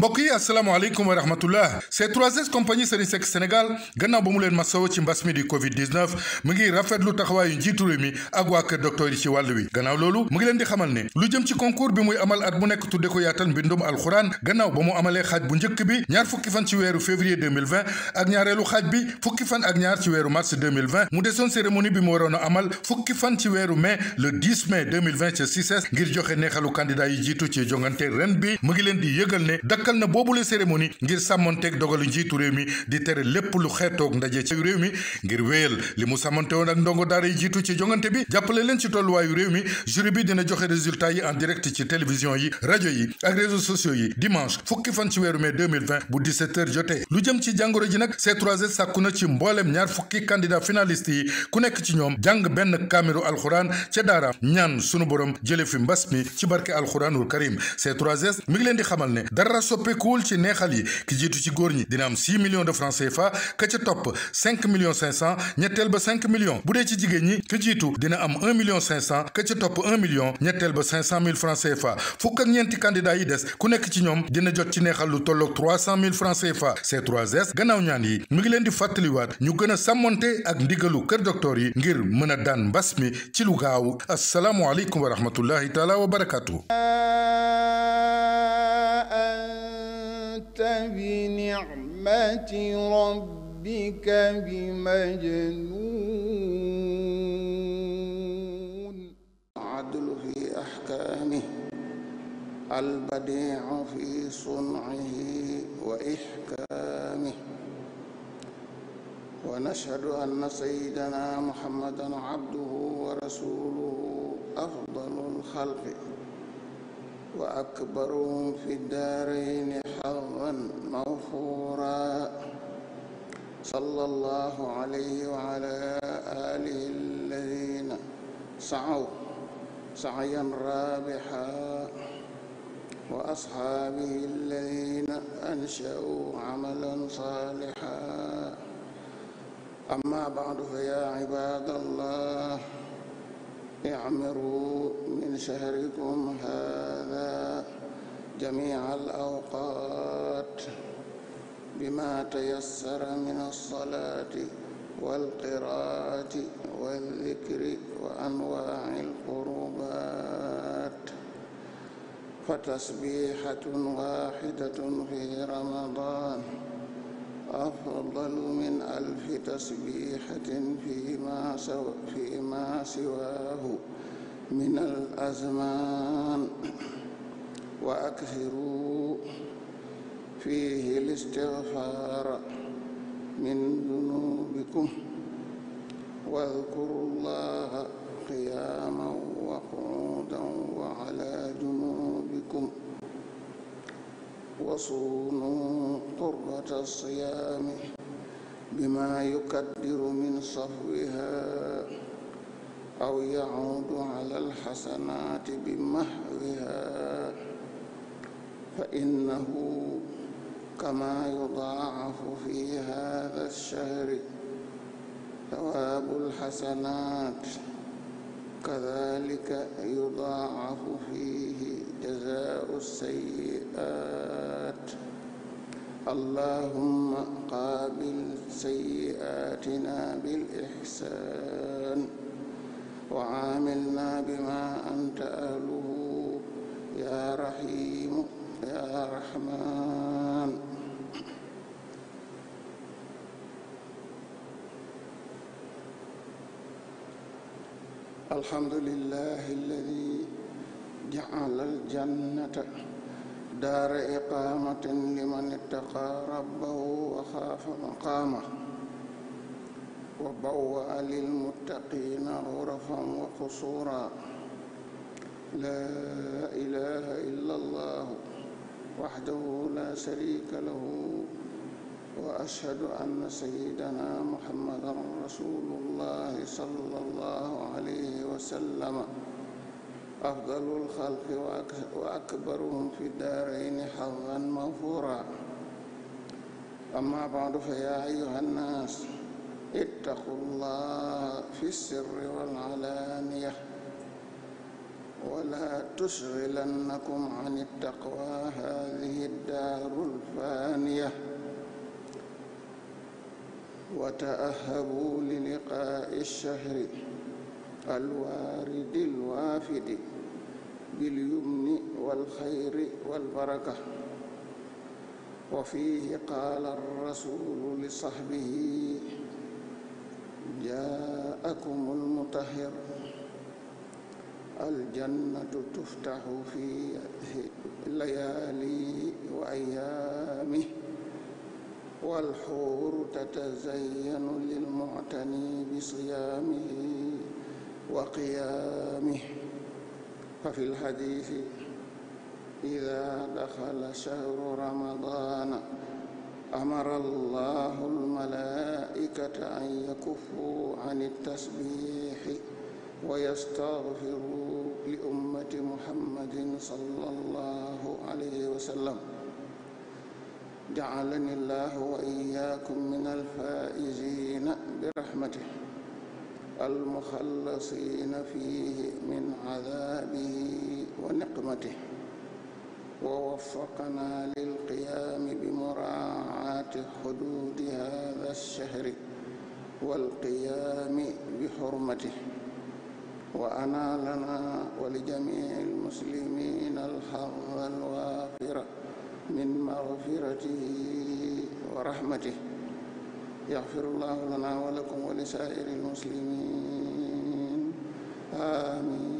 mbokk yi asalaamaaleykum wa rahmatullah C3S compagnie Serigne Seck Sénégal gannaaw ba mu leen masawo ci mbas mi di covid 19 mu ngi rafetlu taxawaayu njiitu réew mi ak waa kër docteur yi ci wàll wi gannaaw loolu mu ngi leen di xamal ne lu jëm ci concours bi muy amal at mu nekk tudde ko yaatal mbindum alxuraan gannaaw ba mu amalee xaaj bu njëkk bi ñaar fukki fan ci weeru février 2020 ak ñaareelu xaaj bi fukki fan ak ñaar ci weeru mars 2020 mu desoon cérémonie bi a amal fukki fan ci weeru mai le 10 mai 2020 ca CICES ngir joxe neexalu candidat yi jiitu ci jongante ren ngi leen di yëgal ne dakkal na boobule cérémonie ngir sàmmonteeg dogalu njiitu réew mi di tere lépp lu xeetoog ndaje ci réew mi ngir wéyal li mu sàmmonte woon ak ndongo daara yi jiitu ci jongante bi jàppale leen ci tolluwaayu réew mi jury bi dina joxe résultat yi en direct ci télévision yi rajo yi ak réseaux sociaux yi dimanche fukki fan ci weeru mai 2020 bu 17h jotee lu jëm ci jàngoro ji nag C3S sàkku na ci mboolem ñaar fukki candidat finaliste yi ku nekk ci ñoom jàng benn kaamiru alxuraan ca daara ñaan sunu borom jële fi mbas mi ci barke alxuraanul karim C3S leen di xamal soppeekuwul ci neexal yi ki jiitu ci góor ñi dina am 6 millions de francs CFA ka ca topp 5 ñetteel ba 5 millions bu dee ci jigéen ñi ki jiitu dina am 1 million 500 ka ca topp 1 million ñetteel ba 500 000 francs CFA fukk ak ñeenti candidat yi des ku nekk ci ñoom dina jot ci neexal lu tolloog 300 000 francs CFA C3S gannaaw ñaan yi mu ngi leen di fàttaliwaat ñu gën a sàmmonte ak ndigalu kër docteur yi ngir mën a daan mbas mi ci lu gaaw asalaamualeykum wa rahmatullahi taala wa barakaatu. بنعمة ربك بمجنون العدل في أحكامه البديع في صنعه وإحكامه ونشهد أن سيدنا محمدا عبده ورسوله أفضل الخلق وأكبرهم في الدارين حظا مغفورا صلى الله عليه وعلى آله الذين سعوا سعيا رابحا وأصحابه الذين أنشأوا عملا صالحا أما بعد فيا عباد الله اعمروا من شهركم هذا جميع الأوقات بما تيسر من الصلاة والقراءة والذكر وأنواع القربات فتسبيحة واحدة في رمضان أفضل من ألف تسبيحة فيما, سو فيما سواه من الأزمان وأكثروا فيه الاستغفار من ذنوبكم واذكروا الله قياما وقعودا وعلى جنوبكم وصونوا قرة الصيام بما يكدر من صفوها أو يعود على الحسنات بمحوها فإنه كما يضاعف في هذا الشهر ثواب الحسنات كذلك يضاعف فيه جزاء السيئات اللهم قابل سيئاتنا بالإحسان وعاملنا بما أنت أهله يا رحيم يا رحمن الحمد لله الذي جعل الجنة دار إقامة لمن اتقى ربه وخاف مقامه وبوأ للمتقين تعرفا وقصورا لا إله إلا الله وحده لا شريك له وأشهد أن سيدنا محمدا رسول الله صلى الله عليه وسلم أفضل الخلق وأكبرهم في الدارين حظا موفورا أما بعد فيا أيها الناس اتقوا الله في السر والعلانية ولا تشغلنكم عن التقوى هذه الدار الفانية وتأهبوا للقاء الشهر الوارد الوافد باليمن والخير والبركة وفيه قال الرسول لصحبه جاءكم المطهر الجنة تفتح في ليالي وأيامه والحور تتزين للمعتني بصيامه وقيامه ففي الحديث إذا دخل شهر رمضان amara allahu almalaikata an yakufu an tasbixi wa yastaghfiru li ummati muhammadin sallallahu alayhi wa sallam ja'alani allahu wa iyyakum min alfaizina birahmatih almuxallasina fihi min adabihi wa niqmatih ووفقنا للقيام بمراعاة حدود هذا الشهر والقيام بحرمته وأنالنا ولجميع المسلمين الحظ الوافر من مغفرته ورحمته يغفر الله لنا ولكم ولسائر المسلمين آمين